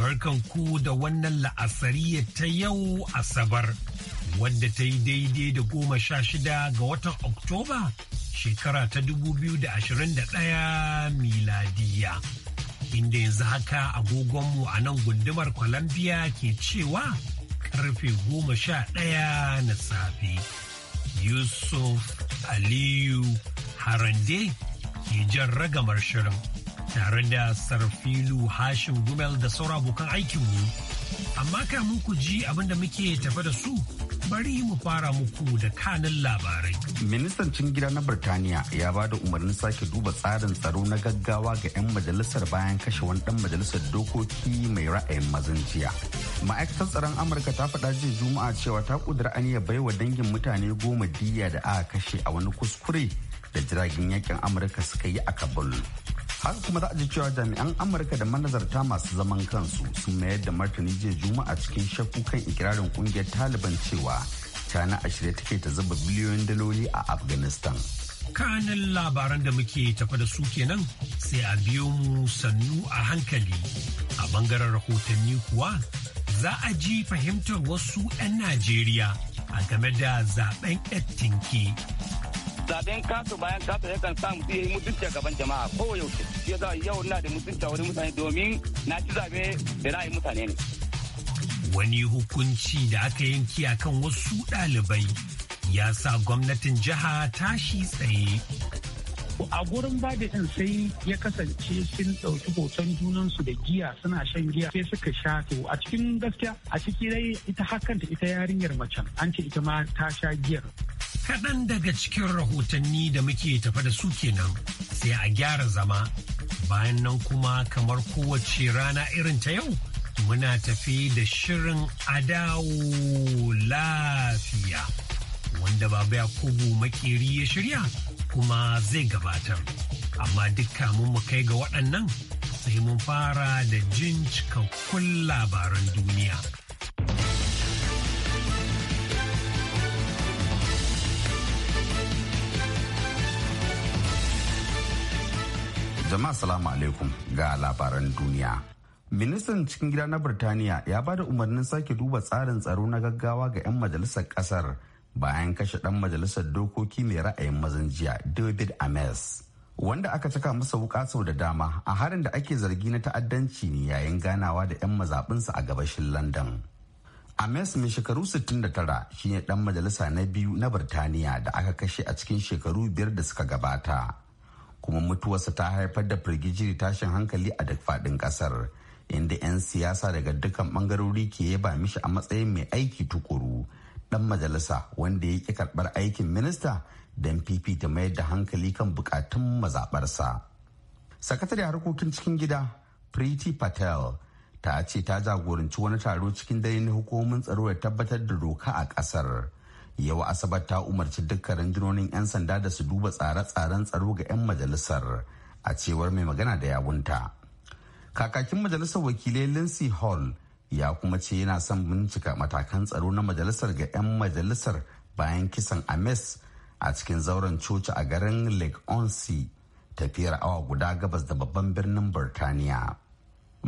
Barkan ku da wannan la'asariya ta yau Asabar, wadda ta yi daidai da goma sha shida ga watan Oktoba shekara ta dubu biyu da ashirin da ɗaya miladiya. Inda yanzu haka agogonmu a nan gundumar Columbia ke cewa karfe goma sha ɗaya na safe. Yusuf Aliyu Harande ke jan ragamar shirin. tare da sarfilu hashim gumel da saura abokan aikin mu amma kamun ku ji abinda muke tafe da su bari mu fara muku da kanin labarai ministan cin gida na birtaniya ya ba da umarnin sake duba tsarin tsaro na gaggawa ga 'yan majalisar bayan kashe wani dan majalisar dokoki mai ra'ayin mazinciya ma'aikatar tsaron amurka ta faɗa jiya juma'a cewa ta kudura aniyar wa dangin mutane goma diya da aka kashe a wani kuskure da jiragen yakin amurka suka yi a kabul har kuma za a ji cewa jami'an amurka da manazarta masu zaman kansu sun mayar da martani jiya juma'a cikin shakku kan ikirarin kungiyar taliban cewa china a shirye take ta zuba biliyoyin daloli a afghanistan kanin labaran da muke tafa da su kenan sai a biyo mu sannu a hankali a bangaren rahotanni kuwa za a ji fahimtar wasu 'yan najeriya a game da zaben tinki zaben kasu bayan kasu yakan sa samu ya yi mutunci a gaban jama'a ko yaushe ya za yau na da mutunci a wurin mutane domin na ci zaɓe da ra'ayin mutane ne. Wani hukunci da aka yanki a kan wasu ɗalibai ya sa gwamnatin jiha tashi tsaye. A gurin bada yan sai ya kasance sun ɗauki hoton junansu da giya suna shan giya sai suka sha to a cikin gaskiya a ciki dai ita hakanta ita yarinyar macen an ce ita ma ta sha giyar. kaɗan daga cikin rahotanni da muke tafa da su kenan sai a gyara zama bayan nan kuma kamar kowace rana irin ta yau muna tafi da shirin adawo lafiya wanda baba ya Maƙeri makeri ya shirya kuma zai gabatar amma dukka mun mu kai ga waɗannan sai mun fara da jin cikakkun labaran duniya. Jama'a salamu alaikum ga labaran duniya. Ministan cikin gida na Birtaniya ya ba da umarnin sake duba tsarin tsaro na gaggawa ga 'yan majalisar kasar bayan kashe ɗan majalisar dokoki mai ra'ayin mazan jiya David Ames. Wanda aka cika masa wuka sau da dama a harin da ake zargi na ta'addanci ne yayin ganawa da 'yan mazaɓinsa a gabashin London. Ames mai shekaru 69 shine ɗan majalisa na biyu na Birtaniya da aka kashe a cikin shekaru biyar da suka gabata. kuma mutuwarsa ta haifar da firgijiri tashin hankali a duk faɗin ƙasar inda 'yan siyasa daga dukkan ɓangarori ke yaba mishi a matsayin mai aiki tukuru ɗan majalisa wanda ya ki karɓar aikin minista don ta mayar da hankali kan bukatun mazaɓarsa. sakatare harkokin cikin gida Priti Patel ta ce ta jagoranci wani taro cikin dare na hukumomin tsaro da tabbatar da doka a kasar yau asabar ta umarci dukkan rundunonin 'yan sanda da su duba tsare-tsaren tsaro ga 'yan majalisar a cewar mai magana da yawunta kakakin majalisar wakilai lindsey hall ya kuma ce yana son bincika matakan tsaro na majalisar ga 'yan majalisar bayan kisan ames a cikin zauren coci a garin lake onsi tafiyar awa guda gabas da babban birnin birtaniya.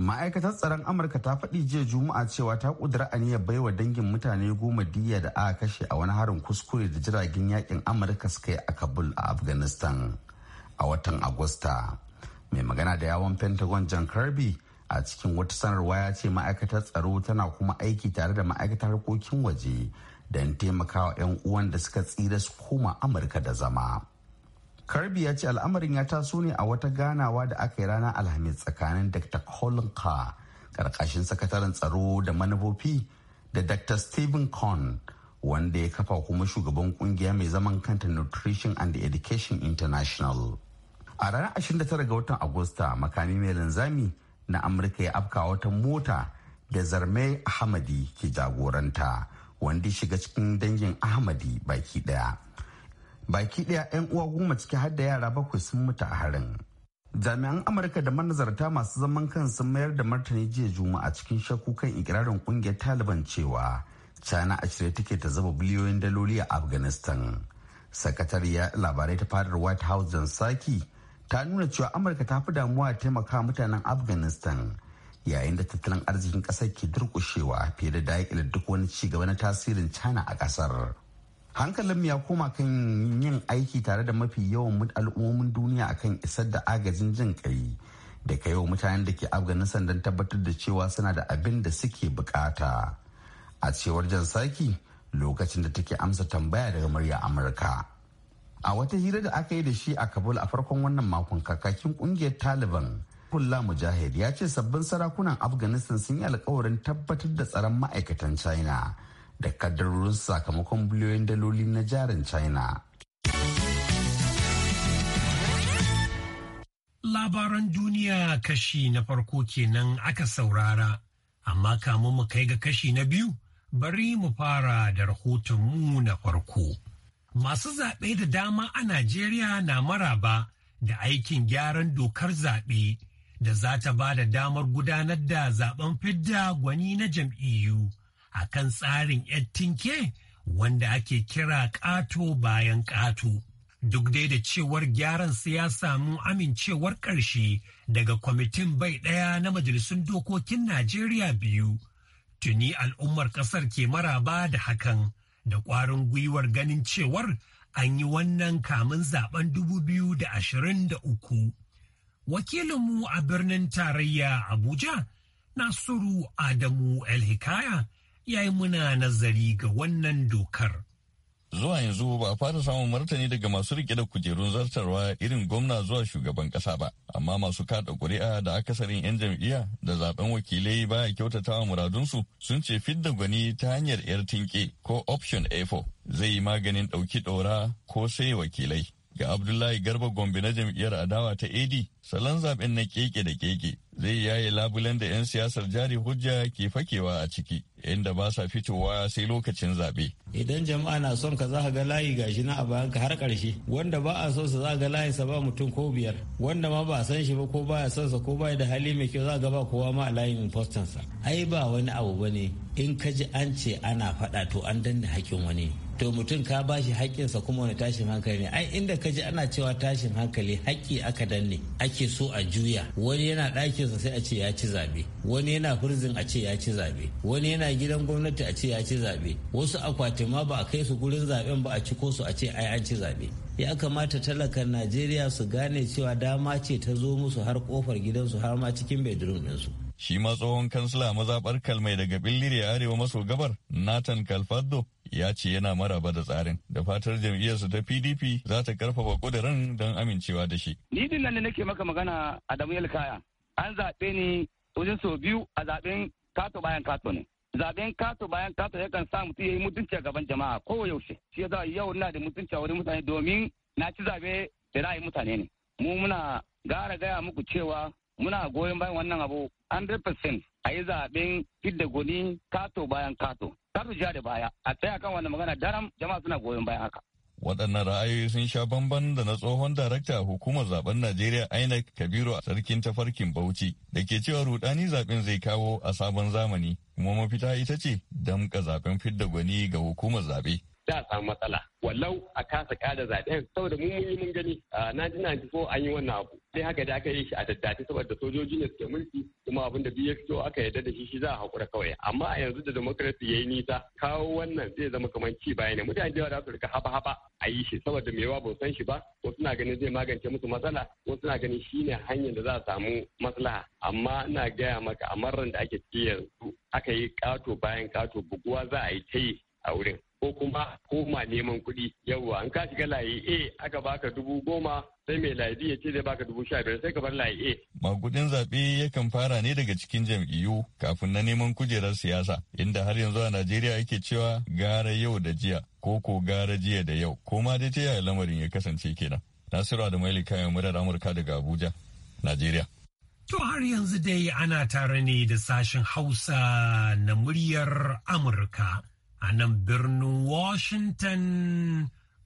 ma'aikatar tsaron amurka ta faɗi jiya juma'a cewa ta ƙudura aniyar baiwa dangin mutane goma diya da aka kashe a wani harin kuskure da jiragen yakin amurka suka yi a kabul a afghanistan a watan agusta mai magana da yawon pentagon john kirby a cikin wata sanarwa ya ce ma'aikatar tsaro tana kuma aiki tare da ma'aikatar harkokin waje don taimakawa 'yan uwan da suka tsira su koma amurka da zama Karbi ya ce al'amarin ya taso ne a wata ganawa da aka yi ranar Alhamis tsakanin Dr. Colin Carr, karkashin sakataren tsaro da manufofi, da Dr. Stephen Cohn, wanda ya kafa kuma shugaban kungiya mai zaman kanta Nutrition and Education International. A ranar 29 ga watan Agusta, makami mai linzami na Amurka ya afka wata mota da zarme Ahmadi ke jagoranta, wanda shiga cikin dangin Ahmadi baki daya. baki ɗaya 'yan uwa goma ciki har da yara bakwai sun mutu a harin jami'an amurka da manazarta masu zaman kan sun mayar da martani jiya juma'a cikin shakku kan ikirarin kungiyar taliban cewa china a shirye take ta zuba biliyoyin daloli a afghanistan sakatariya labarai ta fadar white house jan saki ta nuna cewa amurka ta fi damuwa taimaka mutanen afghanistan yayin da tattalin arzikin ƙasar ke durkushewa fiye da daƙilar duk wani ci gaba na tasirin china a ƙasar. hankalin ya koma kan yin aiki tare da mafi yawan al'ummomin duniya akan isar da agajin jin kai da ka yau mutanen da ke afghanistan don tabbatar da cewa suna da abin da suke bukata a cewar jan saki lokacin da take amsa tambaya daga murya amurka a wata hira da aka yi da shi a kabul a farkon wannan makon kakakin kungiyar taliban Hula mujahid ya ce sabbin sarakunan afghanistan sun yi alkawarin tabbatar da tsaron ma'aikatan china da kadarorin sakamakon biliyoyin daloli na jarin china labaran duniya kashi na farko kenan aka saurara amma kamun mu kai ga kashi na biyu bari mu fara da rahotonmu na farko masu zaɓe da dama a najeriya na maraba da aikin gyaran dokar zaɓe da za ta ba da damar gudanar da zaben fidda gwani na jam'iyyu a kan tsarin tinke wanda ake kira ƙato bayan ƙato. Duk dai da cewar gyaran su ya samu amincewar ƙarshe daga kwamitin bai ɗaya na majalisun dokokin Najeriya biyu. Tuni al'ummar ƙasar ke maraba da hakan da ƙwarin gwiwar ganin cewar an yi wannan kamun zaben 2023. Wakilinmu a birnin tarayya Abuja, Nasiru Adamu El Hikaya, ya yi muna nazari ga wannan dokar. Zuwa yanzu ba a fara samun martani daga masu rike da kujerun zartarwa irin gwamna zuwa shugaban kasa ba, amma masu kada ƙuri'a da akasarin 'yan jam'iyya da zaben wakilai baya kyautatawa muradunsu sun ce fidda gwani ta hanyar 'yar tinke ko option A4 zai yi maganin ɗauki ɗora ko sai wakilai. ga Abdullahi Garba Gombe na jam'iyyar adawa ta AD salon zaben na keke da keke zai yaye labulen da 'yan siyasar jari hujja ke fakewa a ciki inda ba sa fitowa sai lokacin zaɓe. Idan jama'a na son ka za ga layi gashi na a ka har ƙarshe wanda ba a son sa za ga layin sa ba mutum ko biyar wanda ma ba san shi ba ko baya son sa ko baya da hali mai kyau za ga ba kowa ma a layin fostan sa. Ai ba wani abu bane in ka ji an ce ana faɗa to an danne haƙƙin wani to mutum ka ba shi haƙƙinsa kuma wani tashin hankali ne ai inda ka ji ana cewa tashin hankali haƙƙi aka danne ake so a juya wani yana ɗakinsa sai a ce ya ci zaɓe wani yana hurzin a ce ya ci zaɓe wani yana gidan gwamnati a ce ya ci zaɓe wasu akwatin ma ba a kai su gurin zaɓen ba a ciko su a ce ai an ci zaɓe ya kamata talakan najeriya su gane cewa dama ce ta zo musu har kofar gidansu har ma cikin bedroom ɗinsu Shi ma tsohon kansila mazaɓar kalmai daga billiri arewa maso gabar Nathan kalfado ya ce yana maraba da tsarin da fatar jam'iyyarsa ta PDP za ta karfafa kudirin don amincewa da shi. Ni din nan ne nake maka magana a Adamu Yalkaya. An zaɓe ni wajen sau biyu a zaɓen kato bayan kato ne. zaɓen kato bayan kato yakan sa mutum ya yi mutunci a gaban jama'a yaushe. shi ya yau na da mutunci a wurin mutane domin na ci zaɓe da ra'ayin mutane ne mu muna gara gaya muku cewa muna goyon bayan wannan abu 100% a yi zaɓen fidda goni kato bayan kato kato ja da baya a tsaya kan wannan magana daram jama'a suna goyon bayan haka waɗannan ra'ayoyi sun sha bamban da na tsohon darakta a hukumar zaben najeriya inec kabiru a sarkin tafarkin bauchi da ke cewa rudani zaben zai kawo a sabon zamani kuma mafita ita ce damka zaben fidda gwani ga hukumar zabe za samu matsala wallau a kasa kada zaɓen saboda mun yi mun gani a 1994 an yi wannan abu sai haka da aka yi shi a daddace saboda sojoji ne suke mulki kuma abin da biyu fito aka yarda da shi shi za a hakura kawai amma a yanzu da ya yi nisa kawo wannan zai zama kamar ci baya ne mutane da za su rika haba haba a yi shi saboda mewa ba san shi ba wasu na ganin zai magance musu matsala wasu na ganin shi ne hanyar da za a samu maslaha amma ina gaya maka a da ake ciki yanzu aka yi kato bayan kato buguwa za a yi ta yi a wurin ko kuma koma neman kuɗi yawwa An ka shiga layi a aka baka dubu goma sai mai layi ya ce zai baka dubu sha biyar sai ka bar layi a. magudin zaɓe yakan fara ne daga cikin jam'iyyu kafin na neman kujerar siyasa inda har yanzu a najeriya ake cewa gara yau da jiya ko ko gara jiya da yau ko ma dai ta yaya lamarin ya kasance kenan nasiru da maili kayan murar amurka daga abuja najeriya. To har yanzu dai ana tare ne da sashen Hausa na muryar Amurka a nan birnin Washington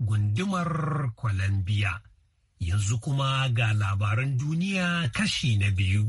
gundumar Columbia. Yanzu kuma ga labaran duniya kashi na biyu.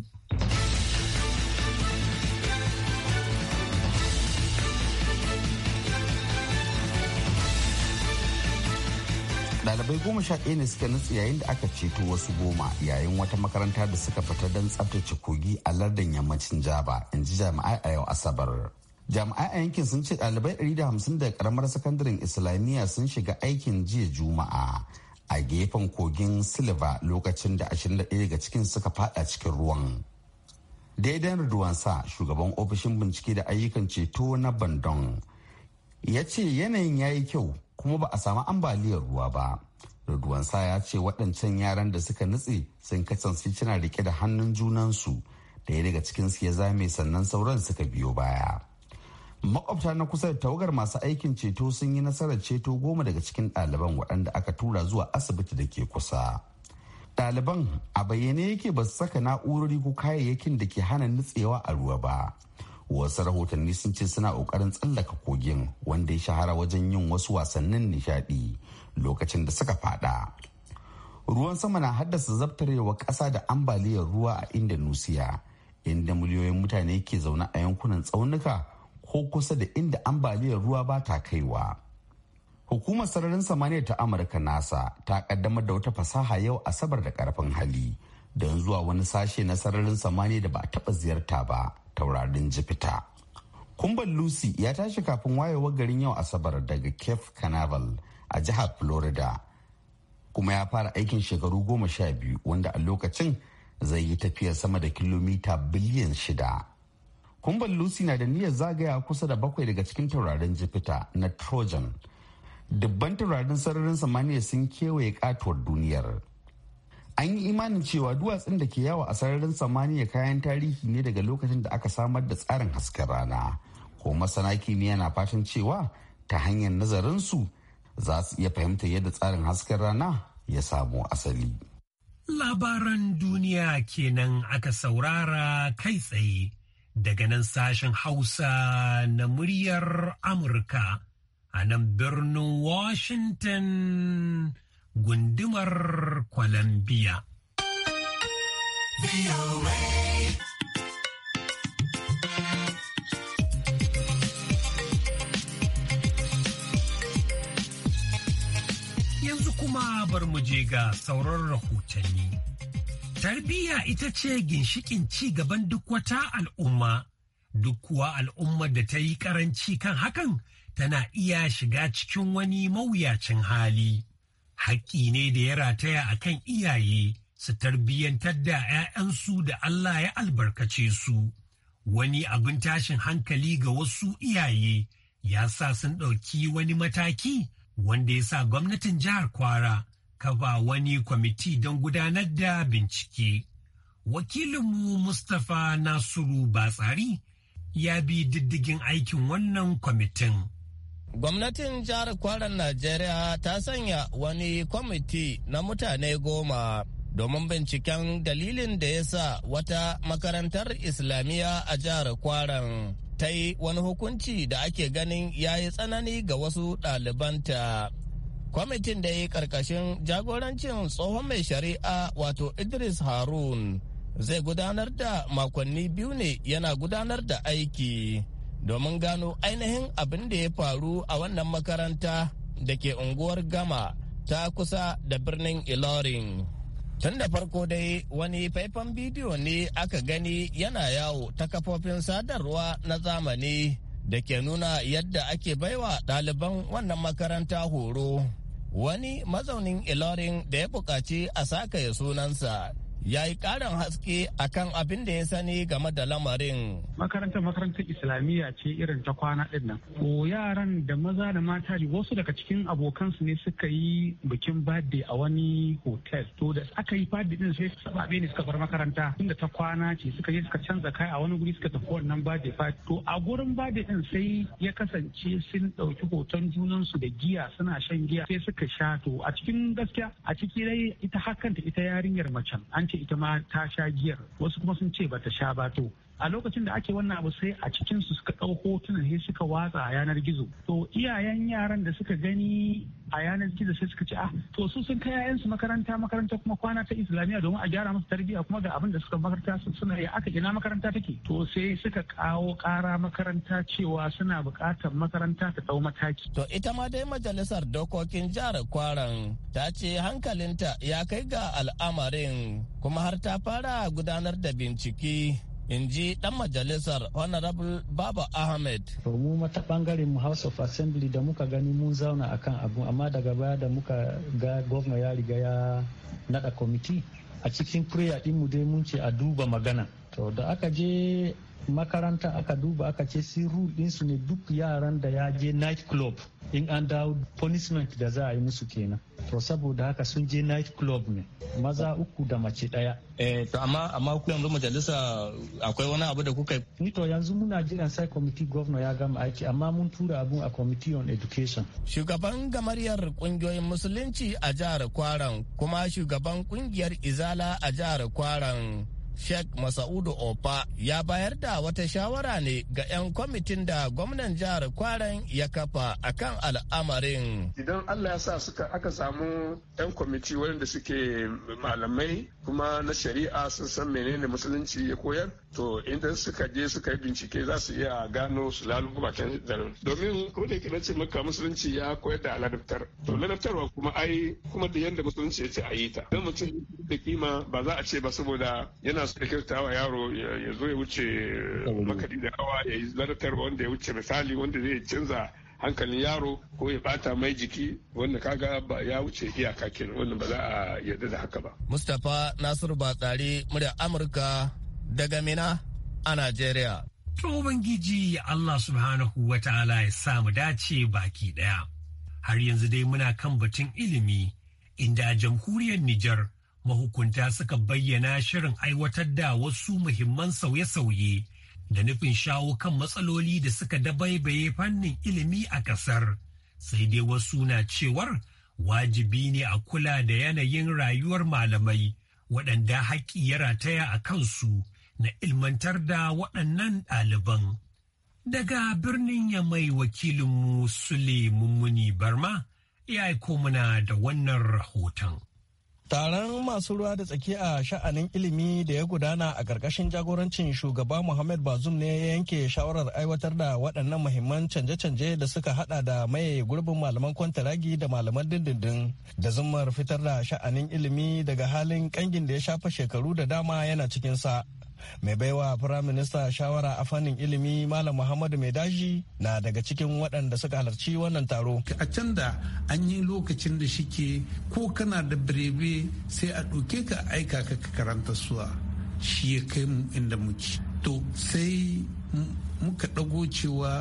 dalibai goma sha ɗaya ne suka nutse yayin da aka ceto wasu goma yayin wata makaranta da suka fita don tsabtace kogi a lardin yammacin jaba in ji jami'ai a yau asabar jami'ai a yankin sun ce ɗalibai 150 daga karamar sakandaren islamiyya sun shiga aikin jiya juma'a a gefen kogin silva lokacin da 21 daga cikin suka fada cikin ruwan daidan sa shugaban ofishin bincike da ayyukan ceto na bandon ya ce yanayin ya yi kyau kuma ba a samu ambaliyar ruwa ba sa ya ce waɗancan yaran da suka nutse sun kasance suna rike da hannun junansu ɗaya daga cikinsu ya zame sannan sauran suka biyo baya makwabta na kusa da tawagar masu aikin ceto sun yi nasarar ceto goma daga cikin ɗaliban waɗanda aka tura zuwa asibiti da ke kusa ɗaliban a bayyane yake ba su saka na'urori ko kayayyakin da ke hana nutsewa a ruwa ba wasu rahotanni sun ce suna ƙoƙarin tsallaka kogin wanda ya shahara wajen yin wasu wasannin nishaɗi lokacin da suka faɗa. ruwan sama na haddasa zabtarewa ƙasa da ambaliyar ruwa a indonesia inda miliyoyin mutane ke zaune a yankunan tsaunuka ko kusa da inda ambaliyar ruwa ba ta kaiwa. Hukumar sararin samaniya ta Amurka NASA ta kaddamar da wata fasaha yau asabar da karfin hali don zuwa wani sashe na sararin samaniya da ba a taba ziyarta ba taurarin jifita. Kumban Lucy ya tashi kafin wayewar garin yau asabar daga Cape Canaveral a jihar Florida kuma ya fara aikin shekaru goma sha biyu wanda a lokacin zai yi tafiya sama da kilomita biliyan shida. kumbar lucy na da niyyar zagaya kusa da bakwai daga cikin taurarin jupiter na trojan dubban taurarin sararin samaniya sun kewaye katuwar duniyar an yi imanin cewa duwatsun da ke yawo a sararin samaniya kayan tarihi ne daga lokacin da aka samar da tsarin hasken rana ko masana kimiyya na fatan cewa ta hanyar nazarinsu za su iya fahimtar yadda tsarin hasken rana ya samo asali. Labaran duniya kenan aka saurara kai tsaye daga nan sashen Hausa na muryar Amurka a nan birnin Washington gundumar Columbia. Yanzu kuma bar mu je ga sauran rahotanni. Tarbiyya ita ce ginshikin ci gaban duk wata al'umma, duk kuwa al'ummar da ta yi karanci kan hakan tana iya shiga cikin wani mawuyacin hali. Haƙƙi ne da ya rataya a kan iyaye su tarbiyyantar da 'ya'yansu da Allah ya albarkace su. Wani abin tashin hankali ga wasu iyaye ya sa sun ɗauki wani mataki wanda ya sa gwamnatin jihar Kwara. Ka ba wani kwamiti don gudanar da bincike. Wakilinmu Mustapha Nasiru Batsari ya bi diddigin aikin wannan kwamitin. Gwamnatin jihar kwarar Najeriya ta sanya wani kwamiti na mutane goma domin binciken dalilin da ya sa wata makarantar Islamiyya a jihar kwarar. ta yi wani hukunci da ake ganin ya yi tsanani ga wasu ɗalibanta. kwamitin da ya yi karkashin jagorancin tsohon mai shari'a wato idris harun zai gudanar da makonni biyu ne yana gudanar da aiki domin gano ainihin abin da ya faru a wannan makaranta da ke unguwar gama ta kusa da birnin ilorin tun da farko dai wani faifan bidiyo ne aka gani yana yawo ta kafofin sadarwa na zamani da ke nuna yadda ake baiwa ɗaliban wannan makaranta horo wani mazaunin ilorin da ya buƙaci a sakaye sunansa ya yi karin haske akan abin da ya sani game da lamarin. Makarantar makarantar Islamiyya ce irin ta kwana ɗin nan. Ko yaran da maza da mata wasu daga cikin abokansu ne suka yi bikin birthday a wani hotel. To da aka yi birthday ɗin sai sababe ne suka bar makaranta tunda ta kwana ce suka je suka canza kai a wani guri suka tafi wannan birthday party. To a gurin birthday ɗin sai ya kasance sun ɗauki hoton junansu da giya suna shan giya sai suka sha to a cikin gaskiya a ciki dai ita hakanta ita yarinyar macen an ce ce ita ma ta sha giyar wasu kuma sun ce ba ta sha ba to a lokacin da ake wannan abu sai a cikin su suka ɗau hotunan sai suka watsa a yanar gizo to iyayen yaran da suka gani a yanar gizo sai suka ce ah to su sun kai yayansu makaranta makaranta kuma kwana ta islamiyya domin a gyara musu tarbiyya kuma ga abin da suka makaranta suna ya aka ina makaranta take to sai suka kawo kara makaranta cewa suna bukatar makaranta ta dau mataki to ita ma dai majalisar dokokin jihar kwaran ta ce hankalinta ya kai ga al'amarin kuma har ta fara gudanar da bincike in ji dan majalisar honorable baba ahmed mu mata bangaren mu house of assembly da muka gani mun zauna akan abu amma daga baya da muka ga gwamna ya riga ya nada committee a cikin prayer din mu dai mun ce a duba magana to da aka je makaranta aka duba aka ce din su ne duk yaran da ya je night club in an dawo punishment da za a yi musu kenan to saboda haka sun je night club ne maza uku da mace daya eh to amma amma ku yanzu majalisa akwai wani abu da kuka ni to yanzu muna jiran sai committee governor ya gama aiki amma mun tura abu a committee on education shugaban gamariyar kungiyoyin musulunci a jihar kwaran kuma shugaban kungiyar izala a jihar kwaran Sheikh Masaudu Opa ya bayar da wata shawara ne ga 'yan kwamitin da gwamnan jihar Kwaran ya kafa akan al'amarin. Idan Allah ya sa suka aka samu 'yan kwamiti wanda suke malamai kuma na shari'a sun san menene musulunci ya koyar to idan suka je suka yi bincike za su iya gano su lalubu bakin zarar. Domin ko da na nace maka musulunci ya koyar da ladabtar. To ladabtarwa kuma ai kuma da yadda musulunci ya ce a yi ta. Idan mutum da kima ba za a ce ba saboda yana so ya yaro ya zo ya wuce makadi da rawa ya yi zartar wanda ya wuce misali wanda zai canza hankalin yaro ko ya bata mai jiki wanda kaga ba ya wuce iyaka kenan wanda ba za a yarda da haka ba. Mustapha Nasiru Batsari murya Amurka daga Mina a Najeriya. To Ubangiji Allah subhanahu wa ta'ala ya samu dace baki daya. Har yanzu dai muna kan batun ilimi inda jamhuriyar Nijar mahukunta suka bayyana shirin aiwatar da wasu muhimman sauye-sauye da nufin shawo kan matsaloli da suka dabaibaye fannin ilimi a ƙasar. Sai dai wasu na cewar wajibi ne a kula da yanayin rayuwar malamai waɗanda haƙƙi ya rataya a kansu na ilmantar da waɗannan ɗaliban. Daga birnin ya mai wakilinmu Sule Mummuni Barma ya aiko mana da wannan rahoton. Taron masu ruwa da tsaki a sha'anin ilimi da ya gudana a ƙarƙashin jagorancin shugaba Muhammad Bazum ne ya yanke shawarar aiwatar da waɗannan mahimman canje-canje da suka hada da maye gurbin malaman kwantaragi da malaman dindindin da zummar fitar da sha'anin ilimi daga halin ƙangin da ya shafa shekaru da dama yana cikinsa. mai baiwa firaminista shawara a fannin ilimi malam muhammadu mai daji na daga cikin waɗanda suka halarci wannan taro a can da an yi lokacin da shike ko kana da birebe sai a ɗauke ka aika ka karanta suwa shi ya kai mu inda muke to sai muka ɗago cewa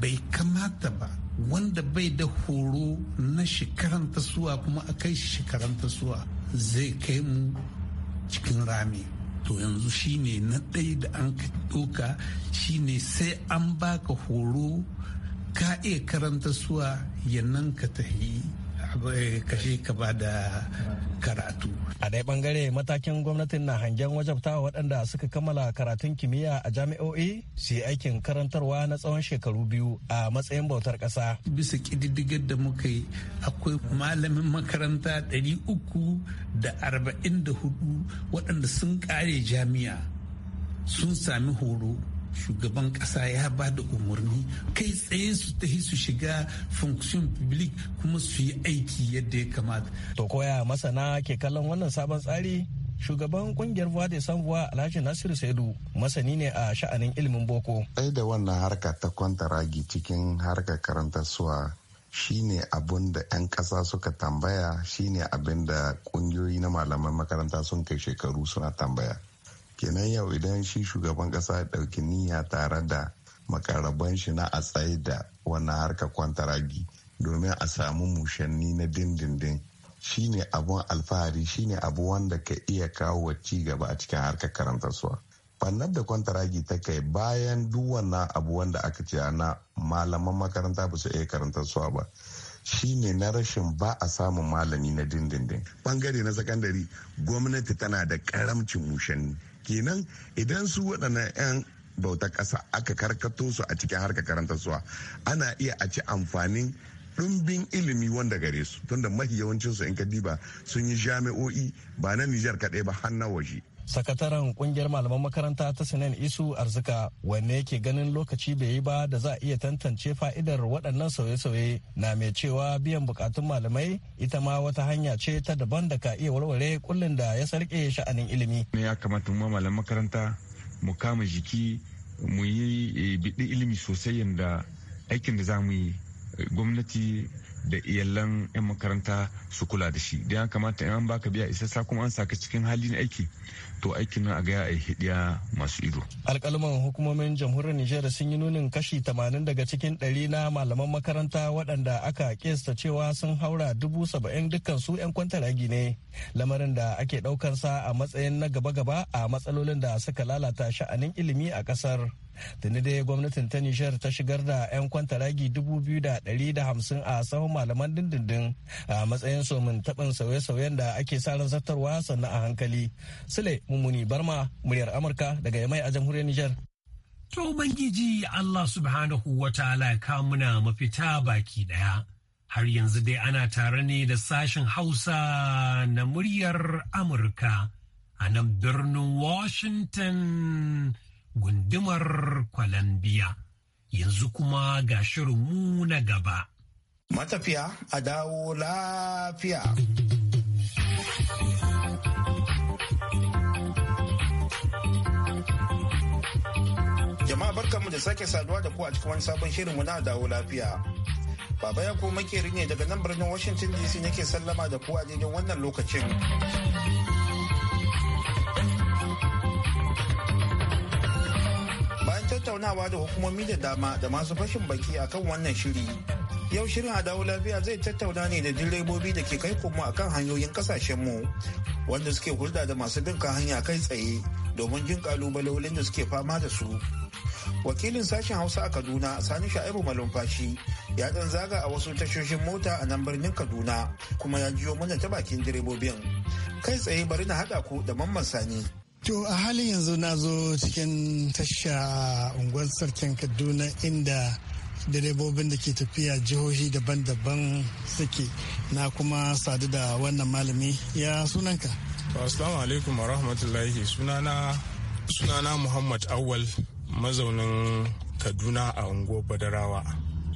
bai kamata ba wanda bai da horo na shekaran suwa kuma a kai karanta suwa zai kai mu cikin rami to yanzu shine na ɗaya da an ɗoka shine sai an baka horo ka iya karanta suwa yannan ka tafi kashi ba da karatu. A dai bangare matakin gwamnatin na hangen wajabta waɗanda suka kammala karatun kimiyya a jami'o'i su yi aikin karantarwa na tsawon shekaru biyu a matsayin bautar ƙasa. Bisa ƙididdigar da muka yi akwai malamin makaranta ɗari uku da arba'in da hudu waɗanda sun ƙare jami'a sun sami horo shugaban kasa ya ba da umarni kai tsaye su tahi su shiga function public kuma su yi aiki yadda ya kamata. To koya masana ke kallon wannan sabon tsari? Shugaban kungiyar Voix de Sanvoix Alhaji Nasiru Saidu masani ne a sha'anin ilimin boko. Sai da wannan harka ta kwantaragi cikin harka harkar suwa shine abun da 'yan kasa suka tambaya shine abin da ƙungiyoyi na malaman makaranta sun kai shekaru suna tambaya kenan yau idan shi shugaban kasa ɗauki niyya tare da makaraban shi na a tsaye da wannan harka kwantaragi domin a samu mushanni na dindindin shine abun alfahari shine abu wanda ka iya kawo ci gaba a cikin harkar suwa fannar da kwantaragi ta kai bayan duk wannan abu wanda aka ce na malaman makaranta ba su iya suwa ba shine na rashin ba a samun malami na dindindin bangare na sakandare gwamnati tana da karamcin mushanni kenan idan su waɗannan 'yan bautar ƙasa aka karkato su a cikin harkar karantar suwa ana iya a ci amfanin ɗumbin ilimi wanda gare su tunda mahi yawancinsu in ka diba sun yi jami'o'i ba na nijar kaɗai ba har na waje sakataren kungiyar malaman makaranta ta sinan isu arzika wanne yake ganin lokaci bai yi ba da za a iya tantance fa'idar waɗannan sauye-sauye na mai cewa biyan bukatun malamai ita ma wata hanya ce ta daban da ka iya warware kullum da ya sarke sha'anin ilimi ya kamata mu malaman makaranta mu kama jiki mu yi e, biɗi ilimi sosai yadda aikin da za mu yi e, gwamnati da iyalan 'yan makaranta su kula da shi don ya kamata in an baka biya isassa kuma an saka cikin hali na aiki to aikin nan a ga ya hidiya masu ido. alkalaman hukumomin jamhuriyar Nijar sun yi nunin kashi 80 daga cikin 100 na malaman makaranta waɗanda aka kesta cewa sun haura dubu saba'in dukkan su 'yan kwantaragi ne. Lamarin da ake ɗaukansa a matsayin na gaba-gaba a matsalolin da suka lalata sha'anin ilimi a ƙasar. tuni dai gwamnatin ta nishar ta shigar da 'yan kwantaragi hamsin a sahun malaman dindindin a matsayin somin taɓin sauye-sauyen da ake sa ran zartarwa sannan a hankali sule mummuni barma muryar amurka daga yamai a jamhuriyar nijar to ubangiji allah subhanahu wa ta'ala ya muna mafita baki daya har yanzu dai ana tare ne da sashen hausa na muryar amurka a nan birnin washington gundumar kwalambiya Yanzu kuma ga shirinmu na gaba. Matafiya a dawo lafiya. Jama'a barkanmu da sake saduwa da ku a cikin wani sabon shirinmu na dawo lafiya. Baba ya ko makeri ne daga nan birnin Washington DC nake sallama da ku a daidai wannan lokacin. tattaunawa da hukumomi da dama da masu fashin baki akan wannan shiri. Yau shirin a dawo lafiya zai tattauna ne da direbobi da ke kai a kan hanyoyin kasashenmu wanda suke hulɗa da masu bin kan hanya kai tsaye domin jin kalubalolin da suke fama da su. Wakilin sashen Hausa a Kaduna Sani Sha'ibu Malumfashi ya ɗan zaga a wasu tashoshin mota a nan birnin Kaduna kuma ya jiyo mana ta bakin direbobin. Kai tsaye bari na haɗa ku da mamman Sani. To a halin yanzu na zo cikin tasha a unguwar sarkin Kaduna inda direbobin da ke tafiya jihohi daban-daban suke na kuma sadu da wannan malami ya sunanka. Assalamu alaikum wa rahmatullahi sunana sunana Muhammad Awal mazaunin Kaduna a unguwar Badarawa.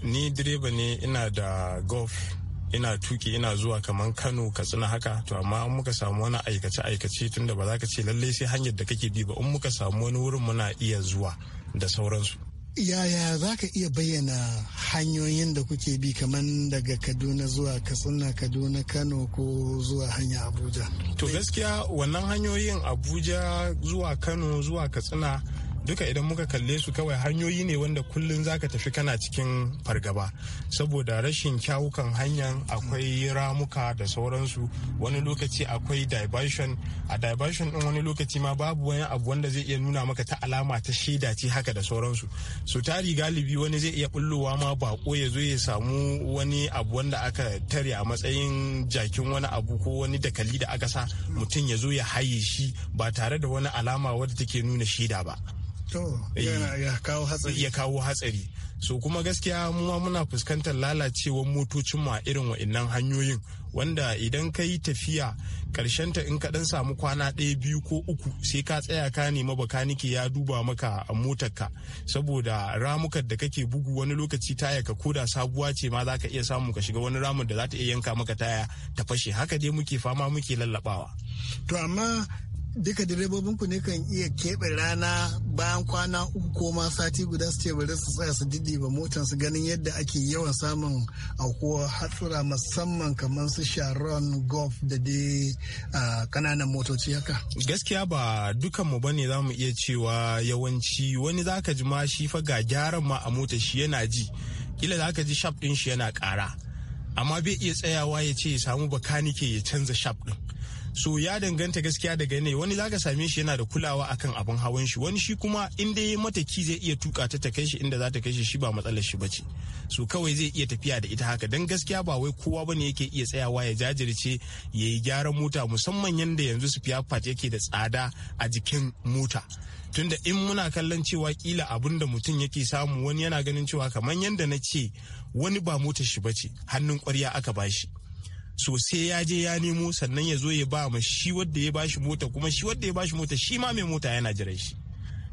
Ni direba ne ina da golf ina tuki ina zuwa kamar kano katsina haka to amma in muka samu wani aikace aikace tunda ba za ka ce lallai sai hanyar da kake bi ba in muka samu wani wurin muna iya zuwa da sauransu yaya za ka iya bayyana hanyoyin da kuke bi kamar daga kaduna zuwa katsina kaduna kano ko zuwa hanya abuja to gaskiya wannan hanyoyin abuja zuwa kano zuwa katsina duka idan muka kalle su kawai hanyoyi ne wanda kullum zaka tafi kana cikin fargaba saboda rashin kyawukan hanyar akwai ramuka da sauransu wani lokaci akwai diversion a diversion din wani lokaci ma babu wani abu wanda zai iya nuna maka ta alama ta shaida ce haka da sauransu su tari galibi wani zai iya bullowa ma bako ya zo ya samu wani abu wanda aka tare a matsayin jakin wani abu ko wani dakali da aka sa mutum ya zo ya haye shi ba tare da wani alama wadda take nuna shaida ba Eh, ya kawo hatsari so kuma gaskiya mu muna fuskantar lalacewar motocin a irin wa'annan hanyoyin wanda idan ka yi tafiya ta in ka dan samu kwana ɗaya biyu ko uku sai ka tsaya ka nema bakanike ya duba maka a motarka saboda ramukan da kake bugu wani lokaci taya ka koda sabuwa ce ma za ka iya samu ka shiga wani ramun da za ta iya yanka maka taya ta fashe haka dai muke fama muke lallabawa to amma duka direbobin ku ne kan iya keɓe rana bayan kwana uku ko ma sati guda su ce bari su tsaya su didi ba motar su ganin yadda ake yawan samun aukuwa hatsura musamman kamar su sharon golf da dai kananan motoci haka gaskiya ba dukan mu bane za mu iya cewa yawanci wani za ka ji ma shi fa ga gyaran ma a mota shi yana ji kila ka ji shaf din shi yana kara amma bai iya tsayawa ya ce ya samu bakanike ya canza shaf din so ya danganta gaskiya daga ne wani zaka same shi yana da kulawa akan abin hawan shi wani shi kuma in dai mataki zai iya tuka ta ta kai shi inda za ta kai shi shi ba matsalar shi bace so kawai zai iya tafiya da ita haka dan gaskiya ba wai kowa bane yake iya tsayawa ya jajirce ya yi gyaran mota musamman yanda yanzu su fiyafat yake da tsada a jikin mota tunda in muna kallon cewa kila abin da mutum yake samu wani yana ganin cewa kamar yanda na ce wani ba mota shi bace hannun kwarya aka bashi so sai ya je ya nemo sannan ya zo ya ba ma shi wanda ya bashi mota kuma shi wadda ya bashi mota shi ma mai mota yana jiran shi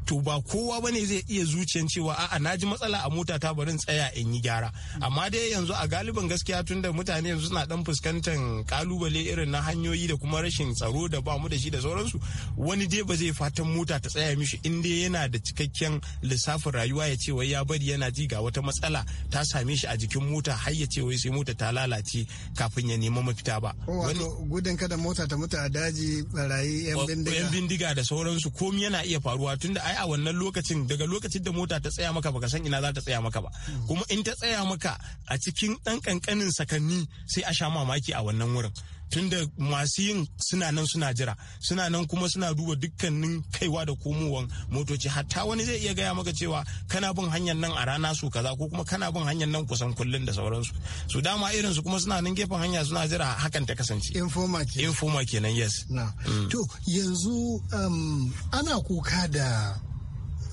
to ba kowa bane zai iya zuciyan cewa a'a na ji matsala a mota ta barin tsaya in yi gyara amma dai yanzu a galiban gaskiya tun da mutane yanzu suna dan fuskantar kalubale irin na hanyoyi da kuma rashin tsaro da ba mu da shi da sauransu wani dai ba zai fatan mota ta tsaya mishi in dai yana da cikakken lissafin rayuwa ya ce wai ya bari yana ji ga wata matsala ta same shi a jikin mota har ya ce wai sai mota ta lalace kafin ya nemi mafita ba. Wato gudun kada mota ta mutu a daji barayi 'yan bindiga. 'yan bindiga da sauransu komi yana iya faruwa tunda ai a wannan lokacin daga lokacin da mota ta tsaya maka ba ka san ina za ta tsaya maka ba hmm. kuma in ta tsaya maka a cikin ɗan ƙanƙanin sakanni sai a sha mamaki a wannan wurin tunda masu yin suna nan suna jira suna nan kuma suna duba dukkanin kaiwa da komowan motoci hatta wani zai iya gaya maka cewa kana bin hanyar nan a rana su kaza ko kuma kana bin hanyar nan kusan kullun da sauransu su dama irin su kuma suna nan gefen hanya suna jira hakan ta kasance informa kenan informa kenan yes na mm. to yanzu um, ana kuka da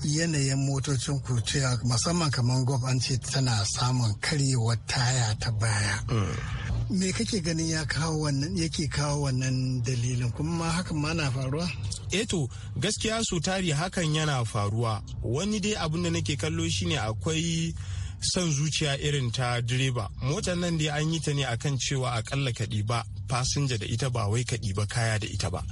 yanayin motocin kuciya musamman kamar gwamnati an tana samun karyewar taya ta baya mm. me kake ganin ya kawo wannan yake kawo wannan dalilin kuma hakan ma na faruwa eto eh gaskiya su tari hakan yana faruwa wani dai abin da nake kallo shine akwai son zuciya irin ta direba motar nan dai an yi ta ne akan cewa akalla ka ba fasinja da ita ba wai ka ba kaya da ita ba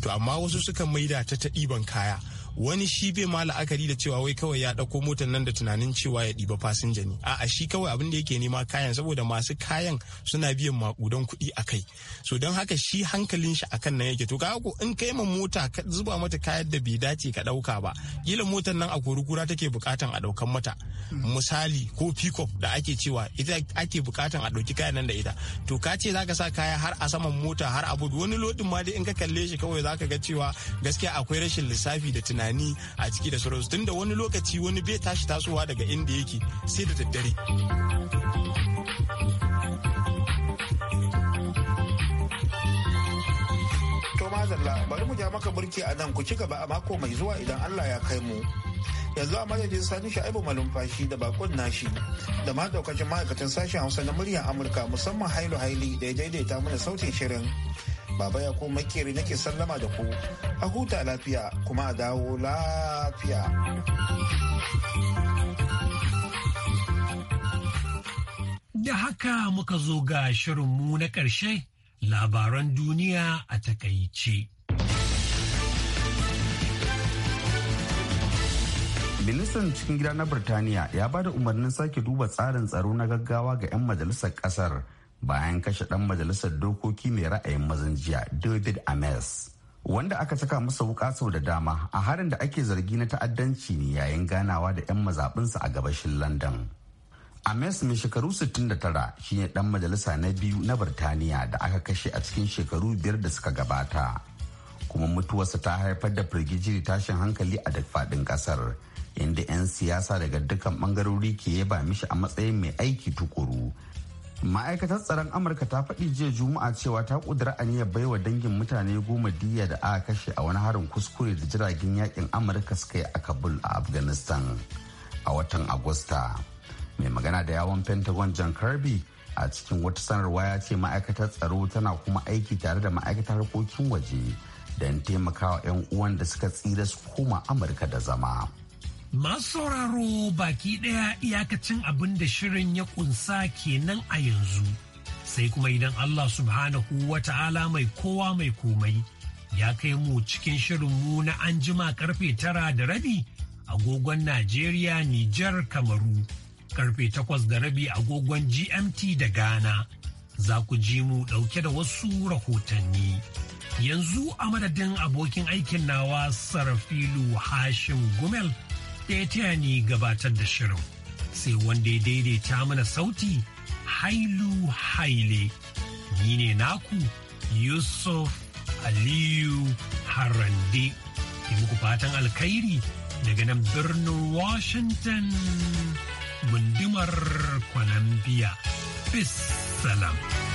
to amma wasu suka maida ta ta ɗiban kaya wani shi bai ma la'akari da cewa wai kawai ya ɗauko motar nan da tunanin cewa ya ɗiba fasinja ne a'a shi kawai abin da yake nema kayan saboda masu kayan suna biyan makudan kuɗi a kai so don haka shi hankalin shi akan nan yake to ka ko in kai ma mota ka zuba mata kayan da bai dace ka ɗauka ba kila motar nan a kura take bukatan a ɗaukan mata misali ko pickup da ake cewa ita ake bukatan a ɗauki kayan nan da ita to ka ce zaka sa kaya har a saman mota har abu wani lodin ma dai in ka kalle shi kawai zaka ga cewa gaskiya akwai rashin lissafi da tunani tunani a ciki da sauransu da wani lokaci wani bai tashi tasowa daga inda yake sai da daddare bari mu ja maka burki a nan ku ci gaba a mako mai zuwa idan Allah ya kai mu. Yanzu a madadin sani sha'ibu malumfashi da bakon nashi da ma daukacin ma'aikatan sashen Hausa na muryar Amurka musamman Hailu Haili da ya daidaita mana sautin shirin. Baba ya ko makeri nake sallama da ku, a huta lafiya kuma a dawo lafiya. Da haka muka zo ga shirinmu na ƙarshe labaran duniya a takaice. Ministan cikin gida na Birtaniya ya ba da umarnin sake duba tsarin tsaro na gaggawa ga 'yan majalisar ƙasar. bayan kashe dan majalisar dokoki mai ra'ayin mazan jiya david ames wanda aka saka masa wuka sau da dama a harin da ake zargi na ta'addanci ne yayin ganawa da 'yan mazaɓinsa a gabashin london ames mai shekaru 69 shine dan majalisa na biyu na birtaniya da aka kashe a cikin shekaru biyar da suka gabata kuma mutuwarsa ta haifar da firgijiri tashin hankali a duk faɗin ƙasar inda 'yan siyasa daga dukkan ɓangarori ke yaba mishi a matsayin mai aiki tukuru ma'aikatar tsaron amurka ta faɗi jiya juma'a cewa ta ƙudura aniyar wa dangin mutane goma diya da aka kashe a wani harin kuskure da jiragen yakin amurka suka yi a kabul a afghanistan a watan agusta mai magana da yawon pentagon john kirby a cikin wata sanarwa ya ce ma'aikatar tsaro tana kuma aiki tare da ma'aikatar harkokin waje don taimakawa 'yan uwan da suka tsira su koma amurka da zama. Masu sauraro baki ɗaya iyakacin abin da shirin ya kunsa kenan a yanzu. Sai kuma idan Allah subhanahu wa ta'ala mai kowa mai komai ya kai mu cikin shirin mu na anjima karfe tara da rabi agogon Najeriya, Nijar, Kamaru. Karfe takwas da rabi agogon GMT da Ghana. Za ku ji mu ɗauke da wasu rahotanni. Yanzu a madadin abokin aikin nawa Sarafilu Hashim Gumel. ɗaya taya ni gabatar da shirin sai wanda ya daidaita mana sauti hailu haile ni ne naku yusuf aliyu harande ke muku fatan alkhairi daga nan birnin washington gundumar columbia peace salam